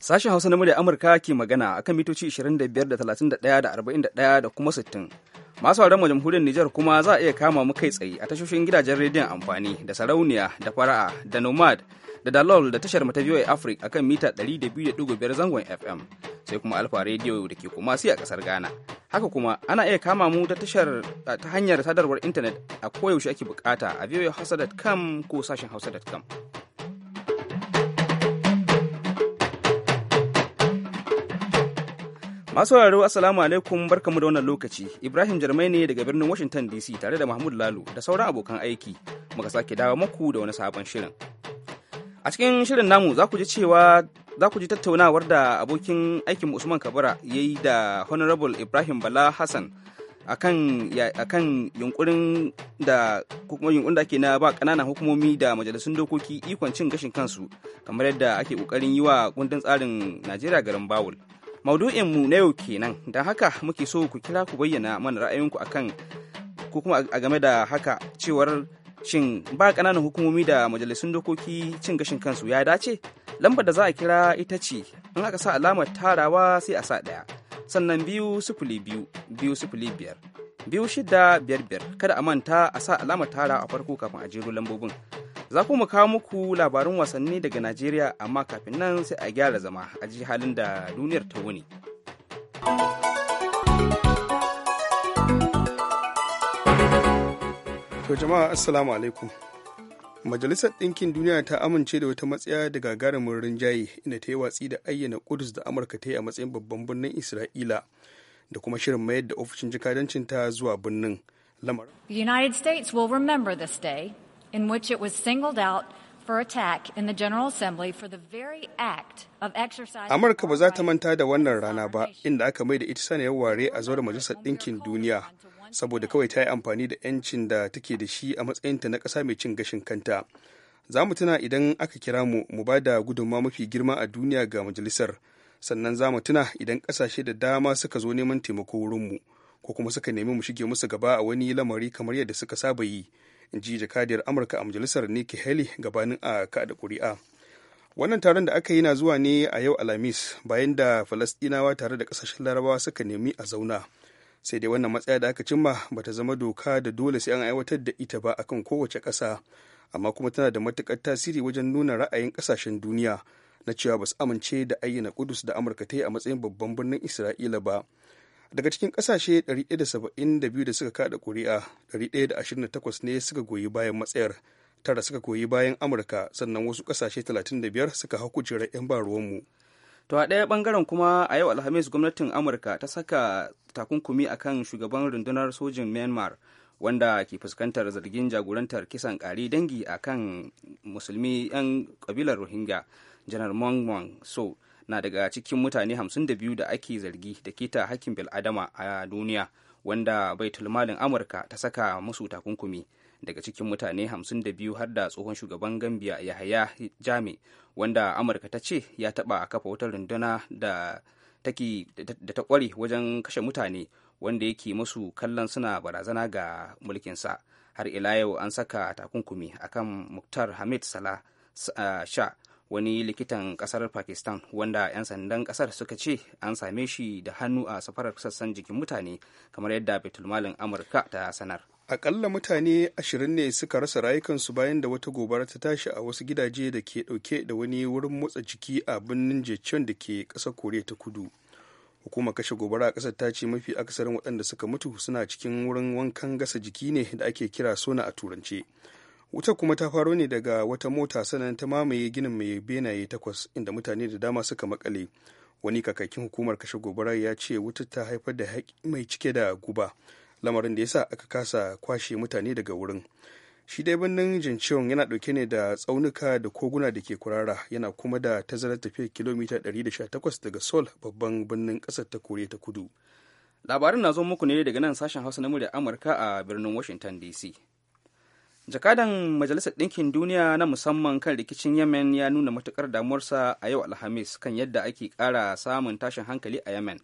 Sashen Hausa na murya Amurka ke magana a kan mitoci 25 da 31 da 41 da kuma 60. Masu mu jamhuriyar Nijar kuma za a iya kama mu kai tsaye a tashoshin gidajen rediyon amfani da sarauniya da fara'a da nomad da dalol da tashar mata VOA Africa akan mita 200.5 zangon FM sai kuma Alfa rediyo da ke kuma a kasar Ghana. Haka kuma ana iya kama mu ta tashar ta hanyar sadarwar intanet a koyaushe ake bukata a voahausa.com ko sashen hausa.com. Masu sauraro Assalamu alaikum barkamu da wannan lokaci. Ibrahim Jarmai ne daga birnin Washington DC tare da Mahmud lalu da sauran abokan aiki. Muka sake dawo muku da wani sabon shirin. A cikin shirin namu za ku ji cewa za ku ji tattaunawar da abokin aikin Usman Kabara ya yi da Honorable Ibrahim Bala Hassan akan akan yunkurin da kuma yunkurin da ake na ba kananan hukumomi da majalisun dokoki ikon cin gashin kansu kamar yadda ake kokarin yi wa kundin tsarin Najeriya garin Bawul. maudu'inmu na yau kenan don haka muke so ku kira ku bayyana mana ra'ayinku akan ko kuma a game da haka cewar shin ba ƙananan hukumomi da majalisun dokoki cin gashin kansu ya dace lambar da za a kira ita ce in aka sa alamar tarawa sai a sa ɗaya sannan biyu sifili biyu biyu sifili biyar biyu shida biyar biyar kada a manta a sa alamar tarawa a farko kafin a jeru lambobin Za ku mu kawo muku labarin wasanni daga Najeriya amma kafin nan sai a gyara zama a ji halin da duniyar ta wuni. To jama'a assalamu alaikum. Majalisar Ɗinkin Duniya ta amince da wata matsaya da gagarumin rinjaye inda ta yi watsi da ayyana Kudus da Amurka ta yi a matsayin babban birnin Isra'ila da kuma shirin mayar da ofishin jikadancin ta zuwa birnin lamarin. The United States will remember this day in which it was singled out Amurka ba za ta manta da wannan rana ba inda aka mai da ita saniyar ware a zuwa majalisar ɗinkin duniya saboda kawai ta yi amfani da 'yancin da take da shi a matsayinta na ƙasa mai cin gashin kanta. Za mu tuna idan aka kira mu mu ba da gudunma mafi girma a duniya ga majalisar sannan za mu tuna idan ƙasashe da dama suka zo neman taimako wurinmu ko kuma suka nemi mu shige musu gaba a wani lamari kamar yadda suka saba yi. in ji jakadiyar amurka a majalisar nikki haley gabanin a kada kuri'a wannan taron da aka yi na zuwa ne a yau alhamis bayan da falastinawa tare da kasashen larabawa suka nemi a zauna sai dai wannan matsaya da aka cimma ba ta zama doka da dole sai an aiwatar da ita ba akan kowace ƙasa amma kuma tana da matuƙar tasiri wajen nuna ra'ayin ƙasashen duniya na cewa ba su amince da ayyana kudus da amurka ta yi a matsayin babban birnin isra'ila ba daga cikin kasashe 172 da suka kada kuri'a 128 ne suka goyi bayan matsayar tara suka goyi bayan amurka sannan wasu kasashe 35 suka hau kujerar 'yan baruwanmu to a ɗaya bangaren kuma a yau alhamis gwamnatin amurka ta saka takunkumi akan shugaban rundunar sojin myanmar wanda ke fuskantar zargin jagorantar kisan ƙari dangi a kan musulmi 'yan kabilar rohingya janar mong mong so na daga cikin mutane 52 da ake zargi da ta hakkin bil'adama a duniya wanda baitul malin amurka ta saka musu takunkumi daga cikin mutane 52 har da tsohon shugaban gambia yahaya jami wanda amurka ta ce ya taba kafa wata runduna da ta kware wajen kashe mutane wanda yake musu kallon suna barazana ga mulkinsa har ila yau an saka takunkumi akan muktar hamid salah sha wani likitan kasar pakistan wanda 'yan sandan kasar suka ce an same shi da hannu a safarar sassan jikin mutane kamar yadda malin amurka ta sanar akalla mutane ashirin ne suka rasa rayukansu bayan da wata gobara ta tashi a wasu gidaje da ke dauke da wani wurin motsa jiki a birnin jecon da ke kasar koriya ta kudu hukumar kashe gobara a kasar ta ce mafi akasarin waɗanda suka mutu suna cikin wurin wankan gasa jiki ne da ake kira sona a turance wuta kuma ta faro ne daga wata mota sanan ta mamaye ginin mai benaye takwas inda mutane da dama suka makale wani kakakin hukumar kashe gobara ya ce wutar ta haifar da mai cike da guba lamarin da ya sa aka kasa kwashe mutane daga wurin shi dai birnin jinciyon yana dauke ne da tsaunuka da koguna da ke kurara yana kuma da tazarar tafiya kilomita 118 daga sol babban birnin kasar ta kore ta kudu labarin na zo muku ne daga nan sashen hausa na murya amurka a birnin washington dc jakadan majalisar ɗinkin duniya na musamman kan rikicin yemen ya nuna matukar damuwarsa a yau alhamis kan yadda ake ƙara samun tashin hankali a yemen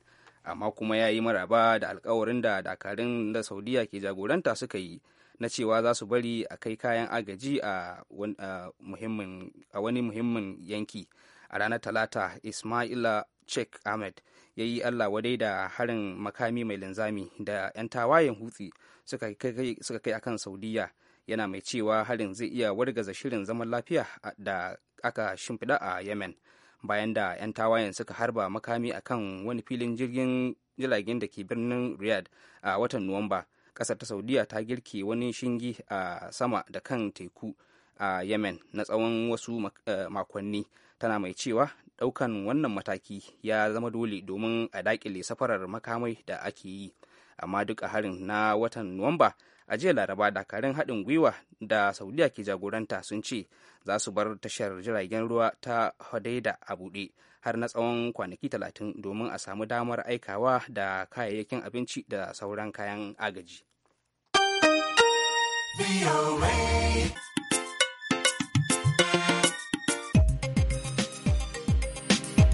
amma kuma ya yi maraba da alkawarin da dakarun da saudiya ke jagoranta suka yi na cewa za su bari a kai kayan agaji a wani muhimmin yanki a ranar talata ismaila chek Ahmed ya yi Allah wadai da harin makami mai linzami da 'yan tawayen hutsi suka kai akan Saudiya yana mai cewa harin zai iya wargaza shirin zaman lafiya da aka shimfiɗa a yemen bayan da 'yan tawayen suka harba makami a kan wani filin jirgin jiragen da ke birnin riyadh a watan nuwamba ƙasar ta saudiya ta girke wani shingi a sama da kan teku a yemen na tsawon wasu eh, makonni tana mai cewa ɗaukan wannan mataki ya zama dole domin a daƙile safarar makamai da ake yi amma duk a harin na watan nuwamba a jiya laraba dakarun haɗin gwiwa da saudiya ke jagoranta sun ce za su bar tashar jiragen ruwa ta hodeida a buɗe har na tsawon kwanaki talatin domin a samu damar aikawa da kayayyakin abinci da sauran kayan agaji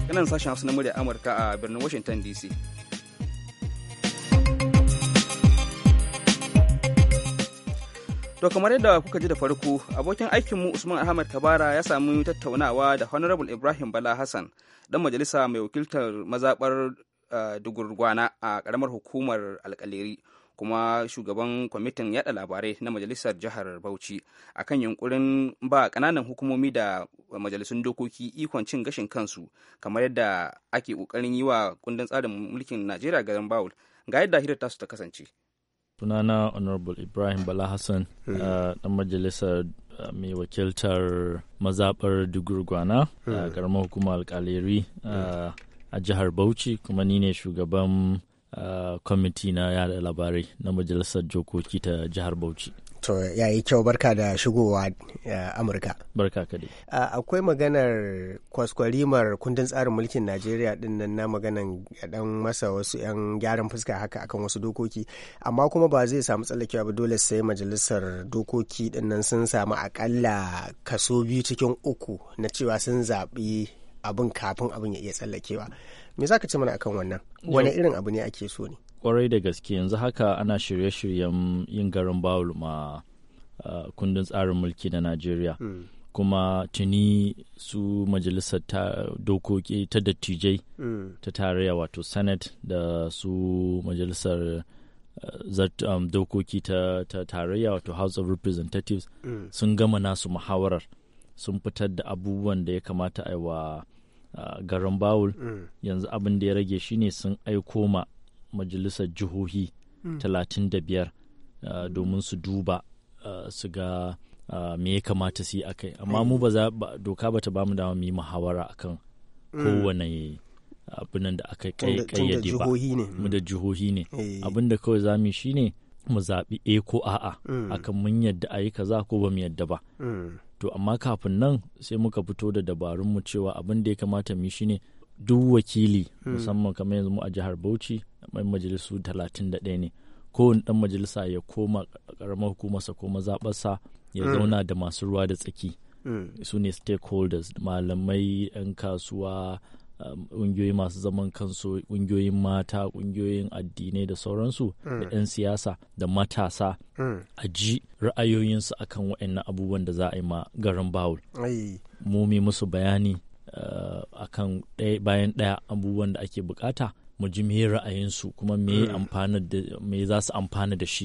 kanan sashen hausa na murya amurka a birnin washington dc To kamar yadda kuka ji da farko, abokin aikinmu Usman Ahmad Kabara ya samu tattaunawa da Honorable Ibrahim Bala Hassan, dan majalisa mai wakiltar mazabar eh, dugurgwana a karamar hukumar alkaleri kuma shugaban kwamitin yada labarai na majalisar jihar Bauchi akan yunkurin ba kananan hukumomi da majalisun dokoki ikon cin gashin kansu kamar yadda ake kokarin yi wa kundin tsarin mulkin Najeriya garin Bawul ga yadda hirar tasu ta kasance. sunana honorable ibrahim bala hassan hmm. uh, dan majalisar uh, mai wakiltar mazabar dugurgwana a uh, hmm. karamar hukumar alkaleri hmm. a jihar bauchi kuma ni ne shugaban kwamiti na yada labarai na majalisar jokoki ta jihar bauchi To ya yi kyau barka da shigowa eh, Amurka. Barka ka Akwai maganar kwaskwarimar kundin tsarin mulkin Najeriya din nan na maganan dan masa wasu 'yan gyaran fuska haka akan wasu dokoki. Amma kuma ba zai samu tsallakewa ba dole sai majalisar dokoki din nan sun samu akalla kaso biyu cikin uku na cewa sun zaɓi abin kafin abin ya iya tsallakewa. Me za ka ce mana akan wannan? Wani irin abu ne ake so ne? kwarai da gaske yanzu haka ana shirye-shiryen yin garin bawul ma kundin tsarin mulki na najeriya hmm. kuma tuni su majalisar dokoki ta dattijai hmm. ta tarayya wato senate da su majalisar um, dokoki ta, tarayya wato house of representatives hmm. sun gama nasu muhawarar sun fitar da abubuwan da ya kamata a garin bawul yanzu abin da ya rage shine sun aiko ma majalisar jihohi hmm. talatin da biyar. Uh, domin su duba uh, su ga uh, me ya kamata su yi akai amma mu hmm. ba za doka ba ta ba mu dama mu yi muhawara akan hmm. kowane abinan da aka kai kayyade ba mu da jihohi ne eh. abin da kawai za mu shi ne mu zaɓi a eh ko a'a akan mun yadda a yi kaza ko ba mu yadda ba to amma kafin nan sai muka fito da dabarun mu cewa abin da ya kamata mu shi ne duk wakili hmm. musamman kamar yanzu mu a jihar Bauchi mai majalisu 31 ne kowane dan majalisa ya koma karamar hukumarsa ko mazaɓarsa ya hmm. zauna da masu ruwa da tsaki hmm. su ne stakeholders malamai 'yan kasuwa um, ƙungiyoyi masu zaman kansu ƙungiyoyin mata ƙungiyoyin addinai da sauransu da 'yan siyasa da matasa a ji ra'ayoyinsu akan waɗannan abubuwan da za a yi ma garin bawul mu musu bayani Eh, a kan bayan ɗaya abubuwan da ake bukata mu ji me ra'ayinsu kuma me mm. me za su amfana da shi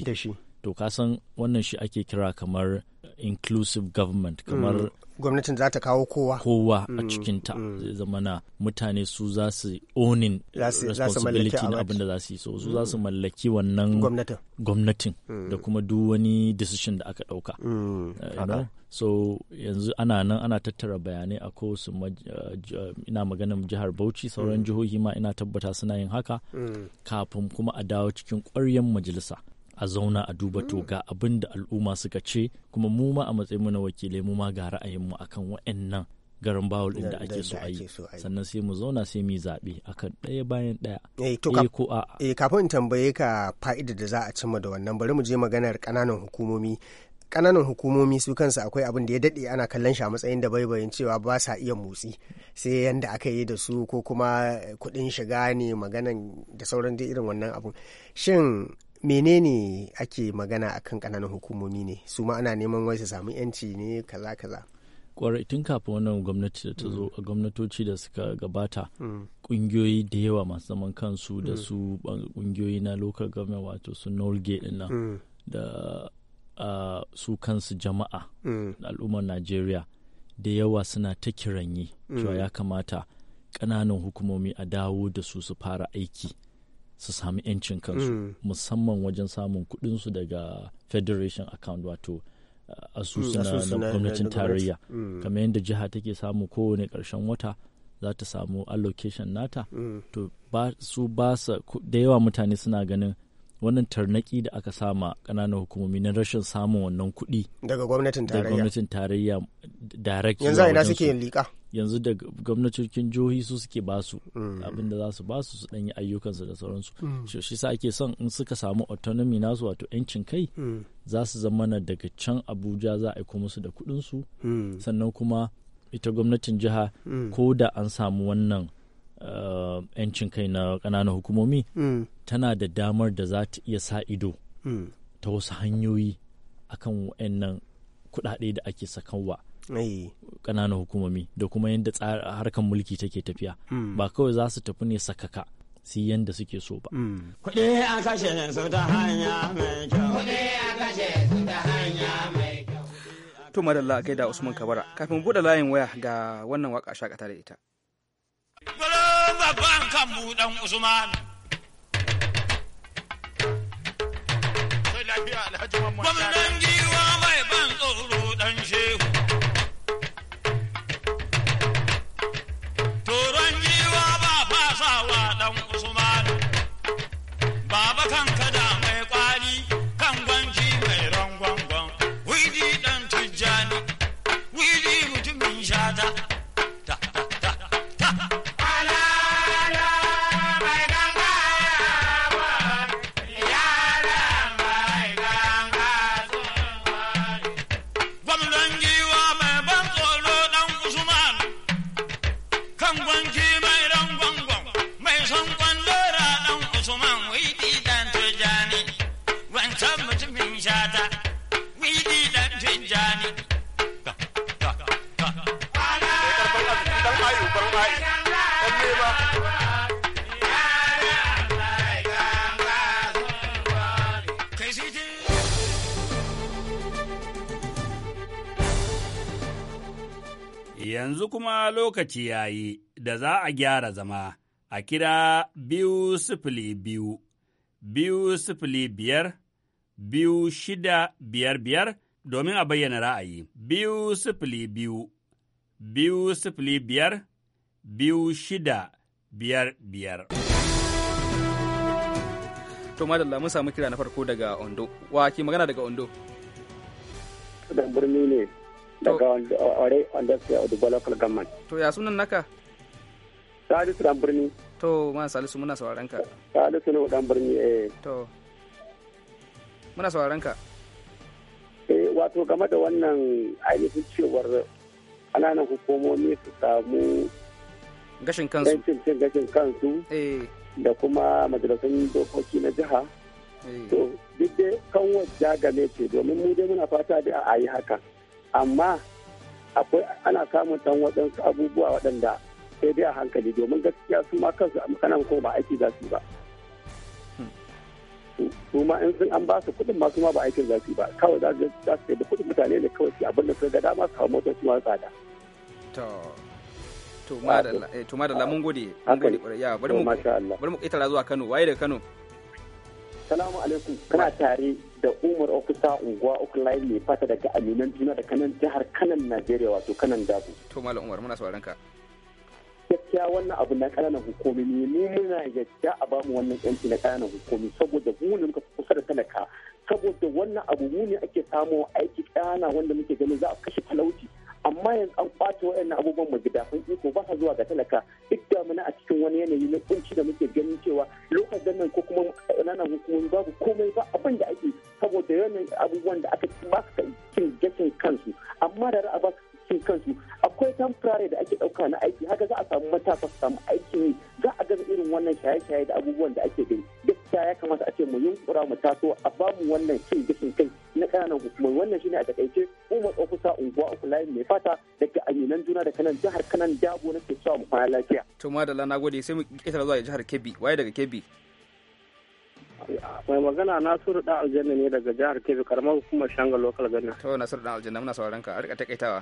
to kasan wannan shi ake kira kamar inclusive government kamar mm. gwamnatin za ta kawo kowa kowa a mm. cikinta zai zama na mutane su za su onin responsibility na abin za su yi so su za su mallaki wannan gwamnatin da kuma duk wani decision da aka ɗauka. Eh, so yanzu ana nan ana tattara bayanai a kowace uh, uh, ina maganin jihar bauchi sauran mm. jihohi ma ina tabbata suna yin haka mm. kafin kuma a dawo cikin ƙwaryen majalisa a zauna a duba to mm. ga abin da al'umma suka ce kuma mu ma a matsayin mu na wakilai mu ma ga mu akan wa'annan garin bawul din da ake so a yi sannan sai mu zauna sai mu zaɓe akan ɗaya bayan ɗaya eh to eh, ko eh, kafin tambaye ka fa'idar da za a cimma da wannan bari mu je maganar kananan hukumomi kananan hukumomi su kansu akwai abin da ya daɗe ana kallon shi a matsayin da baibayin cewa ba sa iya motsi sai yanda aka yi da su ko kuma kuɗin shiga ne maganan da sauran dai irin wannan abun shin menene ake magana akan kananan hukumomi ne su ma ana neman wai su samu yanci ne kaza kaza kwarai tun kafin wannan gwamnati da ta zo a mm. gwamnatoci da suka gabata kungiyoyi mm. da yawa masu zaman kansu da mm. su kungiyoyi na local government wato su norge din nan da uh, su kansu jama'a mm. al'ummar najeriya da yawa suna ta kiranyi cewa mm. ya kamata ƙananan hukumomi a dawo da su su fara aiki su sami 'yancin kansu mm. musamman wajen samun kuɗinsu daga federation account wato uh, mm, asusu na gwamnatin tarayya kamar yadda jiha take samu kowane ƙarshen wata za ta samu allocation nata to su ba da yawa mutane suna ganin wannan tarnaki da aka sama ƙananan hukumomi na rashin samun wannan kuɗi daga gwamnatin tarayya daga gwamnatin tarayya direct yanzu ina suke yin liƙa yanzu da gwamnatocin jihohi su suke basu hmm. abin da za su basu su ɗanyi ayyukansu da sauransu hmm. shi sa ake son in suka samu autonomy nasu wato 'yancin kai hmm. za su zama na daga can abuja za a aiko musu da kuɗinsu sannan kuma ita gwamnatin jiha ko da an samu wannan Uh, 'yancin kai na ƙananan hukumomi mm. tana da damar da za ta iya sa ido mm. ta wasu hanyoyi akan wa'annan kuɗaɗe da ake sakawa ƙananan hukumomi da kuma yadda harkar mulki take tafiya mm. ba kawai za su tafi ne sakaka su yadda suke so ba. Kuɗi a kashe su ta hanya mai kyau. Kuɗi a kashe su ta hanya mai kyau. To madalla kai da Usman Kabara kafin buɗe layin waya ga wannan waka shakata da ita. ban kan buɗan Usman. Gwamnan giwa lokaci ya yi da za a gyara zama a kira biyu sifili biyu, biyu sifili biyar, biyu shida biyar biyar domin a bayyana ra'ayi. Biyu sifili biyu, biyu sifili biyar, biyu shida biyar biyar. To madalla mun samu kira na farko daga Ondo. Wa ke magana daga Ondo? Kadan birni ne. daga ore eh, wanda local government to ya sunan naka salisu dan birni to ma salisu muna sauraron ka salisu ne dan birni eh to muna sauraron ka eh wato game da wannan ainihin cewar ƙananan hukumomi su samu gashin kansu gashin kansu eh da kuma majalisun dokoki na jiha eh. to duk dai kan wajen game ce domin mu dai muna fata da a yi hakan amma akwai ana samun dan waɗansu abubuwa waɗanda sai dai a hankali domin gaskiya su ma kansu makanan ko ba aiki za su ba su ma in sun an ba su kuɗin ma su ma ba aikin za su ba kawai za su tafi kuɗin mutane ne kawai su abin da su ga dama su hau motar su ma tsada. Eh, to madalla mun gode mun gode ya bari mu bari mu ƙetara zuwa Kano waye da Kano salamu alaikum kana tare da Umar Ofisa unguwa uku layi mai fata daga Aminan Juna da kanan jihar Kanan Najeriya wato Kanan Dabu. To Malam Umar muna sauran ka. gaskiya wannan abu na kananan hukumi ne muna yadda a bamu wannan yanci na kananan hukumi saboda mu ne kusa da talaka saboda wannan abu mu ne ake samu aiki ƙana wanda muke ganin za a kashe talauci amma yanzu an ɓace wa'annan abubuwan magidafin iko ba sa zuwa ga talaka duk damina a cikin wani yanayi na kunci da muke ganin cewa lokacin nan ko kuma ƙananan hukumomi babu komai ba abin da ake saboda yanayin abubuwan da aka ba su cin gashin kansu amma da ra'a ba cin kansu akwai tamfurare da ake ɗauka na aiki haka za a samu matasa su samu aiki ne za a gaza irin wannan shaye-shaye da abubuwan da ake gani gaskiya ya kamata a ce mu yunkura mu taso a bamu wannan cin gishin kai na ƙananan hukumar wannan shine a takaice umar sa unguwa uku layin mai fata daga aminan juna da kanan jihar kanan dabo na ke sa mu kwana lafiya. to madalla na gode sai mu ƙetare zuwa jihar kebbi waye daga kebbi. mai magana nasiru dan aljanna ne daga jihar kebbi karamar hukumar shanga local gana to nasiru dan aljanna muna sauraron ka a rika takaitawa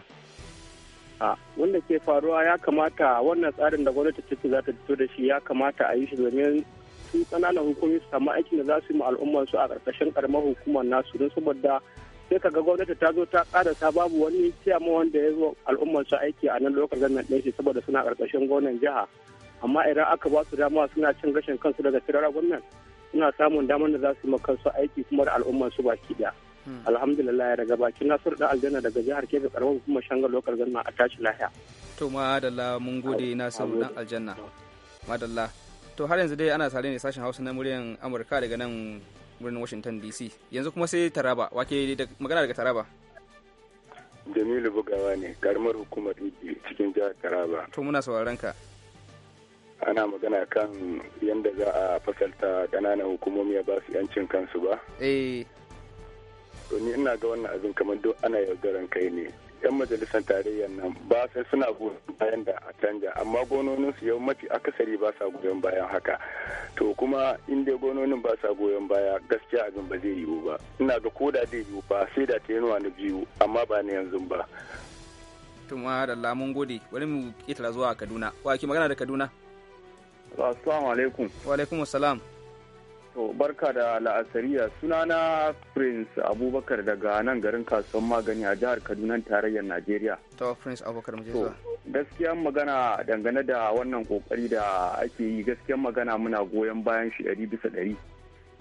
wanda ke faruwa ya kamata wannan tsarin da gwamnati ce za ta fito da shi ya kamata a yi shi domin su ƙananan hukumi su samu aikin da za su yi ma al'umman su a ƙarƙashin karamar hukumar nasu don saboda sai kaga gwamnati ta zo ta ta babu wani ciyama wanda ya zo al'umman su aiki a nan lokacin nan ɗin shi saboda suna ƙarƙashin gwamnan jiha amma idan aka ba su dama suna cin gashin kansu daga tirara gwamnan suna samun damar da za su yi ma kansu aiki kuma da al'umman su baki ɗaya. alhamdulillah daga bakin nasir da aljanna daga jihar kebbi karamar hukumar shangar lokar ganna a tashi lahiya to madalla mun gode nasiru dan aljanna madalla to har yanzu dai ana tare ne sashen hausa na muryan amurka daga nan birnin washington dc yanzu kuma sai taraba wake magana daga taraba jamilu bugawa ne karamar hukumar ibi cikin jihar taraba to muna sauraron ka ana magana kan yadda za a fasalta ƙananan hukumomi ba su yancin kansu ba eh to ni ina ga wannan abin kamar duk ana yaudaran kai ne yan majalisar tarayyar nan ba sai suna goyon bayan da a canja amma gononin su yau mafi akasari ba sa goyon bayan haka to kuma in dai gononin ba sa goyon baya gaskiya abin ba zai yiwu ba ina ga koda zai yiwu ba sai da ta yanuwa na biyu amma ba na yanzu ba tuma da lamun gode wani mu ketara zuwa kaduna wa ki magana da kaduna assalamu alaikum wa alaikum assalam barka da la'asariya na prince abubakar daga nan garin kasuwan magani a jihar kaduna tarayyar najeriya to prince abubakar mu gaskiya magana dangane da wannan kokari da ake yi gaskiya magana muna goyon bayan shi ɗari bisa ɗari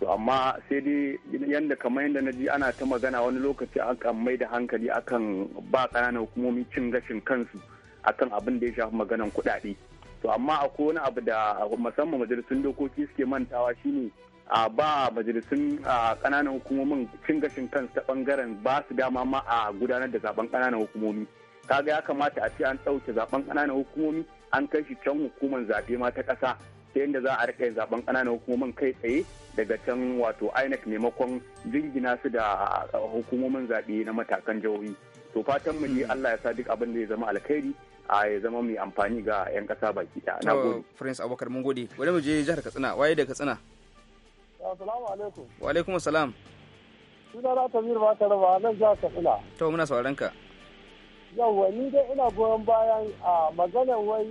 to amma sai dai yanda kamar yanda na ji ana ta magana wani lokaci akan mai da hankali akan ba ƙananan hukumomi cin gashin kansu akan abin da ya shafi maganan kuɗaɗe to amma akwai wani abu da musamman majalisun dokoki suke mantawa shine a ba majalisun kananan hukumomin cin gashin kansu ta bangaren ba su dama ma a gudanar da zaben kananan hukumomi kaga ya kamata a ce an ɗauke zaben kananan hukumomi an kai shi can hukumar zaɓe ma ta ƙasa ta yadda za a rika yin zaben kananan hukumomin kai tsaye daga can wato inec maimakon jingina su da hukumomin zaɓe na matakan jihohi to fatan mu ne allah ya sa duk abin da ya zama alkhairi a ya zama mai amfani ga 'yan ƙasa baki ɗaya na gode prince abubakar mun gode wani mu je jihar katsina waye da katsina Assalamu alaikum. Wa alaikum assalam. Suna na Tamir ba ta raba nan ja Katsina. To muna sauran ka. Yawwa ni dai ina goyon bayan a maganar wai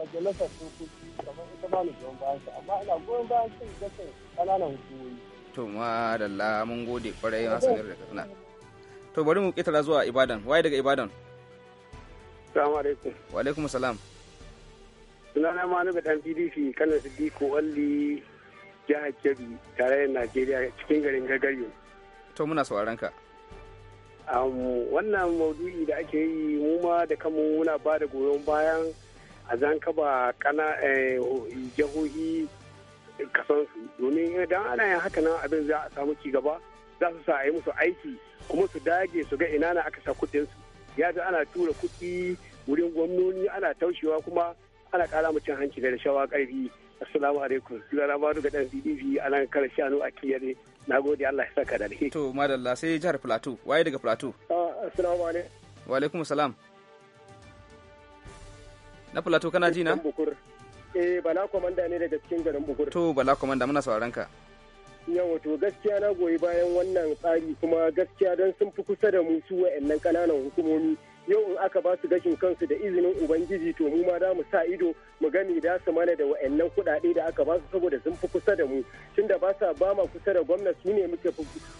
majalisar sokoki kamar ita ma ni goyon bayan su amma ina goyon bayan cin gasar ƙananan hukumomi. To ma da mun gode kwarai na sanar da Katsina. To bari mu ƙetara zuwa Ibadan. Waye daga Ibadan? Assalamu alaikum. Wa alaikum assalam. Sunana Manuga dan PDP kanan ko Walli jihar Kebbi tare da Najeriya cikin garin Gagaryo. To muna sauraron ka. wannan maudu'i da ake yi mu ma da kanmu muna ba da goyon bayan a zankaba kana eh, jihohi kasansu domin idan ana yin haka nan abin za a samu ci gaba za su sa a yi musu aiki kuma su dage su ga ina na aka sa kuɗinsu ya ji ana tura kuɗi wurin gwamnoni ana taushewa kuma ana ƙara mu hanci da rashawa ƙarfi Assalamu alaikum. Sunana na ga dan CDV a nan kar shanu a kiyare. Na gode Allah ya saka da alheri. To madalla sai jihar filato Waye daga filato. Ah, assalamu alaikum. Wa alaikum salam. Na Filato kana ji na? Eh Bala komanda ne daga cikin garin Bukur. To Bala komanda muna sauraron ka. Yawa to gaskiya na goyi bayan wannan tsari kuma gaskiya don sun fi kusa da mu su wa'annan ƙananan hukumomi. yau in aka ba su gashin kansu da izinin ubangiji to mu ma da mu sa ido mu gani da su mana da wa'annan kuɗaɗe da aka ba su saboda sun fi kusa da mu da ba sa ba ma kusa da gwamnati su ne muke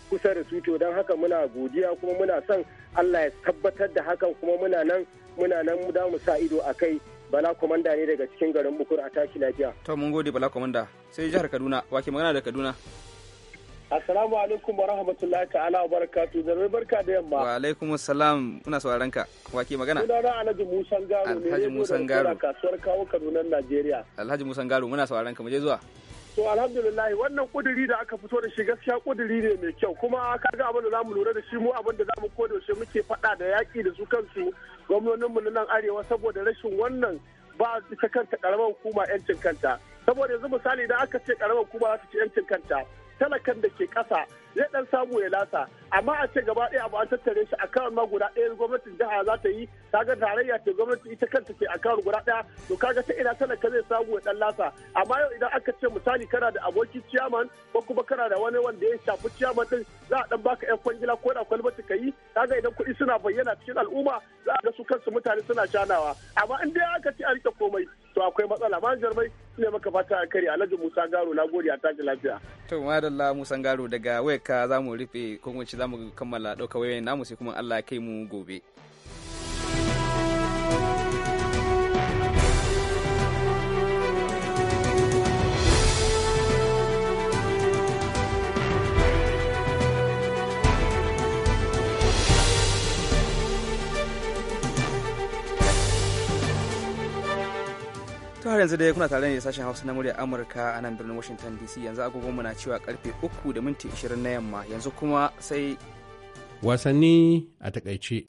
kusa da su to don haka muna godiya kuma muna son Allah ya tabbatar da hakan kuma muna nan muna nan mu da mu sa ido a kai Bala Komanda ne daga cikin garin Bukur a tashi lafiya. To mun gode Bala Komanda sai jihar Kaduna wake magana da Kaduna. Assalamu alaikum wa rahmatullahi ta'ala wa barakatu da barka da yamma. Wa alaikum assalam kuna sauraron ka wake magana. Sunana Alhaji Musa Garo ne. Alhaji Musa Garo. Kasuwar kawo Kaduna Najeriya. Alhaji Musa Garo muna sauraron ka mu je zuwa. To alhamdulillah wannan kuduri da aka fito da shi gaskiya kuduri ne mai kyau kuma ka ga abin da zamu lura da shi mu abin da zamu koda shi muke faɗa da yaki da su kansu gwamnonin na nan arewa saboda rashin wannan ba ita kanta karamar hukuma yancin kanta saboda yanzu misali idan aka ce karamar hukuma za ta ci yancin kanta talakan da ke kasa ya dan samu ya lasa amma a ce gaba ɗaya abu an tattare shi a kan guda ɗaya gwamnatin jiha za ta yi kaga tarayya ce gwamnati ita kanta ce a kan guda ɗaya to kaga ta ina talaka zai samu ya dan lasa amma yau idan aka ce misali kana da aboki ciyaman ko kuma kana da wani wanda ya shafi ciyaman din za a dan baka yan kwangila ko da kwalbati ka yi kaga idan kuɗi suna bayyana cikin al'umma za a ga su kansu mutane suna shanawa amma in dai aka ce a rike komai to akwai matsala ma jarmai ne maka fata a kari Alhaji Musa Garo na gode a tashi lafiya. To madalla Musa Garo daga wayarka za mu rufe ko ci za mu kammala ɗauka wayoyin namu sai kuma Allah ya kai mu gobe. yanzu dai kuna tare ne sashen hausa na murya amurka a nan birnin washington dc yanzu agogonmu na cewa karfe 3 da minti 20 na yamma yanzu kuma sai wasanni a takaice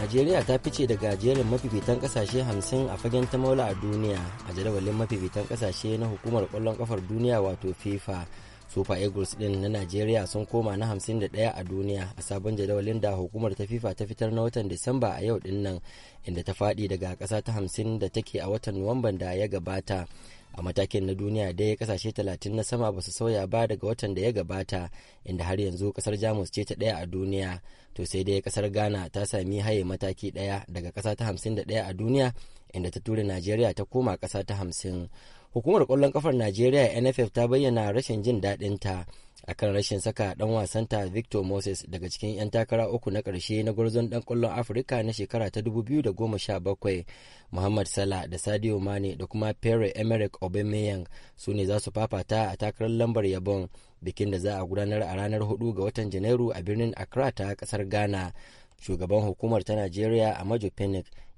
najeriya ta fice daga jerin mafifitan kasashe 50 a fagen ta maula a duniya a jadawalin mafifitan kasashe na hukumar kwallon kafar duniya wato fifa Super Eagles din na Najeriya sun koma na 51 a duniya a sabon jadawalin da hukumar ta FIFA ta fitar na watan Disamba a yau din nan inda ta fadi daga kasa ta 50 da take a watan Nuwamban da ya gabata. a matakin na duniya dai kasashe 30 na sama ba su sauya ba daga watan da ya gabata inda har yanzu kasar jamus ce ta daya a duniya to sai dai kasar ghana ta sami haye mataki daya daga kasa ta 51 a duniya inda ta tura najeriya ta koma kasa ta 50 hukumar kwallon kafar najeriya nff ta bayyana rashin jin daɗin ta akan rashin saka ɗan wasanta victor moses daga cikin 'yan takara uku na ƙarshe na gwarzon ɗan kwallon afirka na shekara ta 2017 muhammad sala da sadio mane da kuma pere emerick aubameyang su ne za su fafata a takarar lambar yabon bikin da za a gudanar a ranar 4 ga watan janairu a birnin accra ta ƙasar ghana shugaban hukumar ta najeriya a majo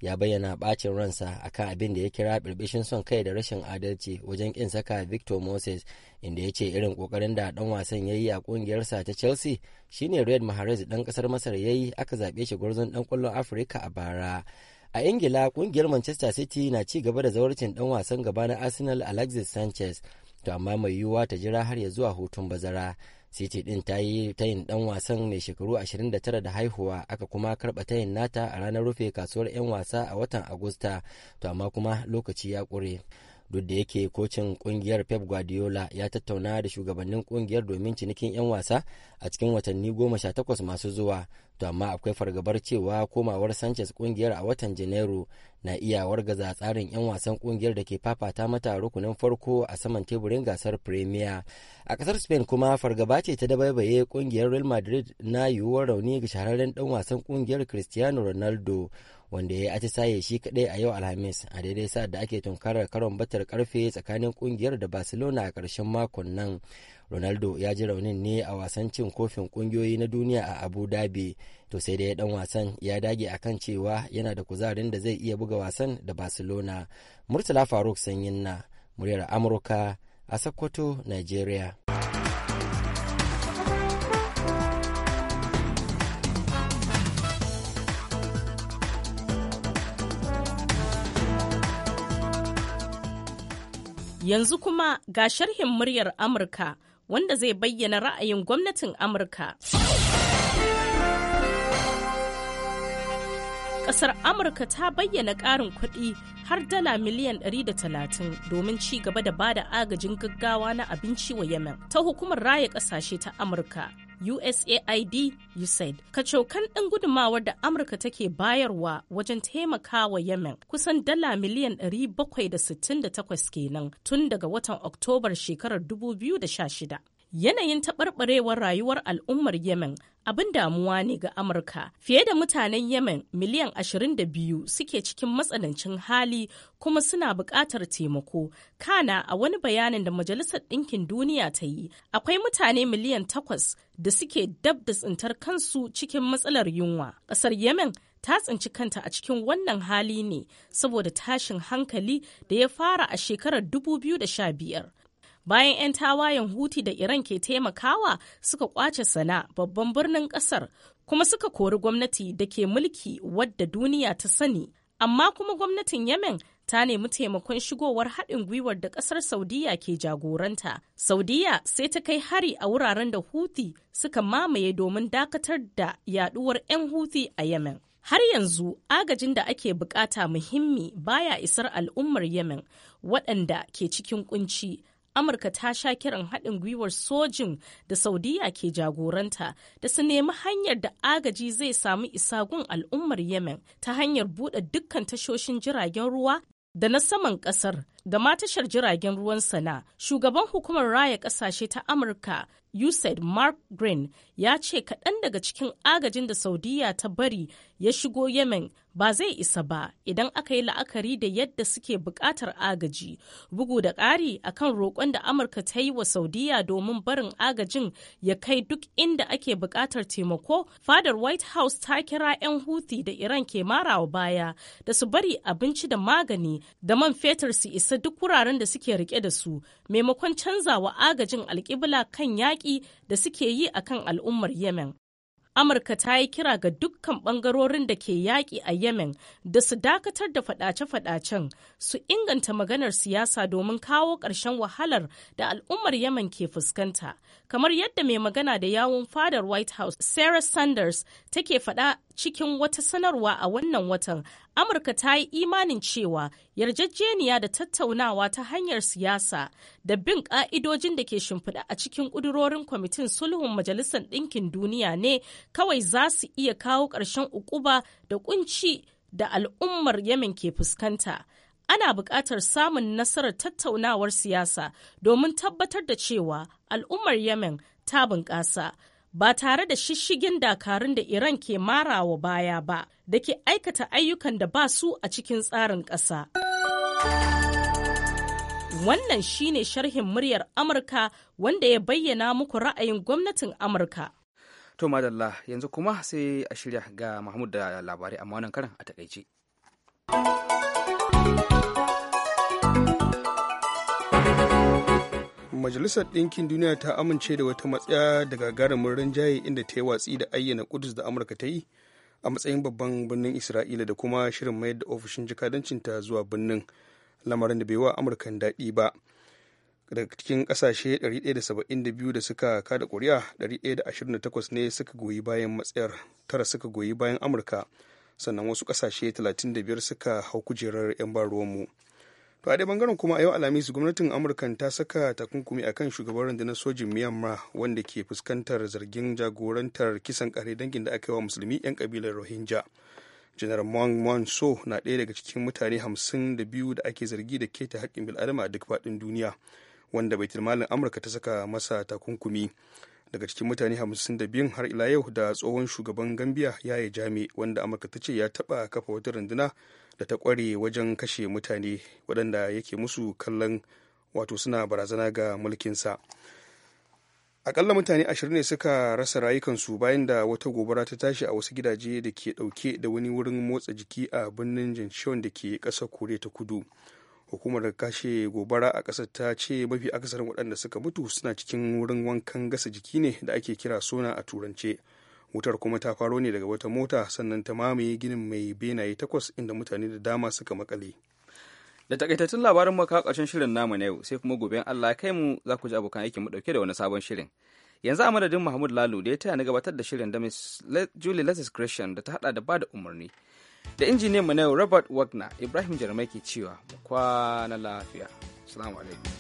ya bayyana bacin ransa akan abin da ya kira birbishin son kai da rashin adalci wajen kin saka victor moses inda ya ce irin kokarin da dan wasan yayi yi a kungiyarsa ta chelsea shine red mahrez dan kasar masar yayi aka zaɓe shi gwarzon dan kwallon afirka a bara a ingila kungiyar manchester city na ci gaba da zawarcin dan wasan gaba na arsenal alexis sanchez to amma mai yiwuwa ta jira har ya zuwa hutun bazara city din ta yi tayin dan wasan mai shekaru 29 da haihuwa aka kuma karba tayin nata a ranar rufe kasuwar 'yan wasa a watan agusta to amma kuma lokaci ya kure. duk da yake kocin kungiyar pep guardiola ya tattauna da shugabannin kungiyar domin cinikin 'yan wasa a cikin watanni goma sha takwas masu zuwa to amma akwai fargabar cewa komawar sanchez kungiyar a watan janairu na iya wargaza tsarin 'yan wasan kungiyar da ke fafata mata rukunin farko a saman teburin gasar premia a kasar spain kuma fargaba ce ta dabaibaye kungiyar real madrid na yiwuwar rauni ga shahararren dan wasan kungiyar cristiano ronaldo wanda ya yi atisaye shi kadai a yau alhamis a daidai sa da ake tunkarar karon batar karfe tsakanin kungiyar da barcelona a karshen makon nan ronaldo ya ji raunin ne a wasan cin kofin kungiyoyi na duniya a abu dhabi to sai dai dan wasan ya dage a kan cewa yana da kuzarin da zai iya buga wasan da barcelona murtala faruk sanyin na muryar amurka a sokoto nigeria Yanzu kuma ga sharhin muryar Amurka wanda zai bayyana ra'ayin gwamnatin Amurka. Ƙasar Amurka ta bayyana ƙarin kuɗi har dala miliyan 130 domin ci gaba da bada agajin gaggawa na abinci wa Yemen ta hukumar raya ƙasashe ta Amurka. USAID USAID kacokan ɗin gudumawar da Amurka take bayarwa wajen taimakawa Yemen kusan dala miliyan 768 kenan tun daga watan Oktobar shekarar 2016. Yanayin taɓarɓarewar rayuwar al'ummar Yemen abin damuwa ne ga Amurka. Fiye da mutanen Yemen miliyan 22 suke cikin matsanancin hali kuma suna buƙatar taimako. Kana a wani bayanin da Majalisar Ɗinkin Duniya ta yi, akwai mutane miliyan 8 da suke dab da tsintar kansu cikin matsalar yunwa. Ƙasar Yemen ta tsinci kanta a cikin wannan hali ne saboda tashin hankali da ya fara a shekarar 2015. bayan 'yan tawayen huti da iran ke taimakawa suka kwace sana babban birnin kasar kuma suka kori gwamnati da ke mulki wadda duniya ta sani amma kuma gwamnatin yemen ta nemi taimakon shigowar haɗin gwiwar da ƙasar saudiya ke jagoranta saudiya sai ta kai hari a wuraren da huti suka mamaye domin dakatar da yaduwar 'yan huti a yemen har yanzu agajin da ake bukata muhimmi baya isar al'ummar yemen waɗanda ke cikin kunci amurka ta sha kiran haɗin gwiwar sojin da saudiya ke jagoranta da su nemi hanyar da agaji zai samu isagun al'ummar yemen ta hanyar buɗe dukkan tashoshin jiragen ruwa da na saman ƙasar da ma tashar jiragen ruwan sana shugaban hukumar raya kasashe ta amurka usaid mark green ya ce kaɗan daga cikin agajin da saudiya ta bari ya shigo yemen ba zai isa ba idan aka yi la'akari da yadda suke buƙatar agaji bugu da ƙari akan roƙon da amurka ta yi wa saudiya domin barin agajin ya kai duk inda ake buƙatar taimako fadar white house ta kira 'yan huthi da iran ke marawa baya da su bari abinci da magani da man fetur su isa kusa duk wuraren da suke rike da su maimakon canzawa agajin alkibla kan yaƙi da suke yi a kan al'ummar yemen amurka ta yi kira ga dukkan ɓangarorin da ke yaƙi a yemen da su dakatar da fadace-fadacen su inganta maganar siyasa domin kawo ƙarshen wahalar da al'ummar yemen ke fuskanta kamar yadda mai magana da yawun fadar white house sarah sanders take faɗa cikin wata sanarwa a wannan watan amurka ta yi imanin cewa yarjejeniya da tattaunawa ta hanyar siyasa da bin ka'idojin da ke shimfiɗa a cikin ƙudurorin kwamitin sulhun majalisar ɗinkin duniya ne kawai za su iya kawo ƙarshen ukuba da kunci da al'ummar yemen ke fuskanta ana buƙatar samun nasarar tattaunawar siyasa domin tabbatar da cewa al'ummar yemen ta bunƙasa ba tare da shishigin dakarun da Iran ke marawa baya ba da ke aikata ayyukan da ba su a cikin tsarin ƙasa. Wannan shi ne sharhin muryar Amurka wanda ya bayyana muku ra'ayin gwamnatin Amurka. To madalla yanzu kuma sai a shirya ga Mahmud da labarai amma wannan karan a takaice. majalisar ɗinkin duniya ta amince da wata matsaya da gagarumin rinjaye inda ta yi watsi da ayyana kudus da amurka ta yi a matsayin babban birnin isra'ila da kuma shirin mayar da ofishin jikadancinta zuwa birnin lamarin da bai wa amurkan daɗi ba daga cikin ƙasashe 172 da suka kada ƙuri'a 128 ne suka goyi bayan matsayar tara suka goyi bayan amurka sannan wasu ƙasashe 35 suka hau kujerar 'yan mu. to a dai bangaren kuma a yau alhamis gwamnatin amurka ta saka takunkumi akan shugaban rundunar sojin myanmar wanda ke fuskantar zargin jagorantar kisan kare dangin da aka yi wa musulmi 'yan kabilar rohingya general Mong Mon So na ɗaya daga cikin mutane hamsin da biyu da ake zargi da keta haƙƙin bil'adama a duk faɗin duniya wanda bai malin Amurka ta saka masa takunkumi. daga cikin mutane 52 har ila yau da tsohon shugaban gambia yaya jami wanda amurka ta ce ya taba kafa wata runduna da ta kware wajen kashe mutane waɗanda yake musu kallon wato suna barazana ga mulkinsa akalla mutane 20 ne suka rasa rayukansu bayan da wata gobara ta tashi a wasu gidaje da ke ɗauke da wani wurin motsa jiki a birnin jinshon da ke ƙasa koriya ta kudu hukumar da kashe gobara a ƙasar ta ce mafi akasarin waɗanda suka mutu suna cikin wurin wankan gasa jiki ne da ake kira suna a turance wutar kuma ta faro ne daga wata mota sannan ta mamaye ginin mai benaye takwas inda mutane da dama suka makale da takaitattun labarin maka ƙarshen shirin namu na yau sai kuma gobe Allah ya kai mu za ku ji abokan aikin mu dauke da wani sabon shirin yanzu a madadin Mahmud lalu da ya taya na gabatar da shirin da Miss Julie Lesis Christian da ta hada da bada umarni da injiniyan mu na yau robert wagner ibrahim jarmai ke cewa kwana lafiya salamu alaikum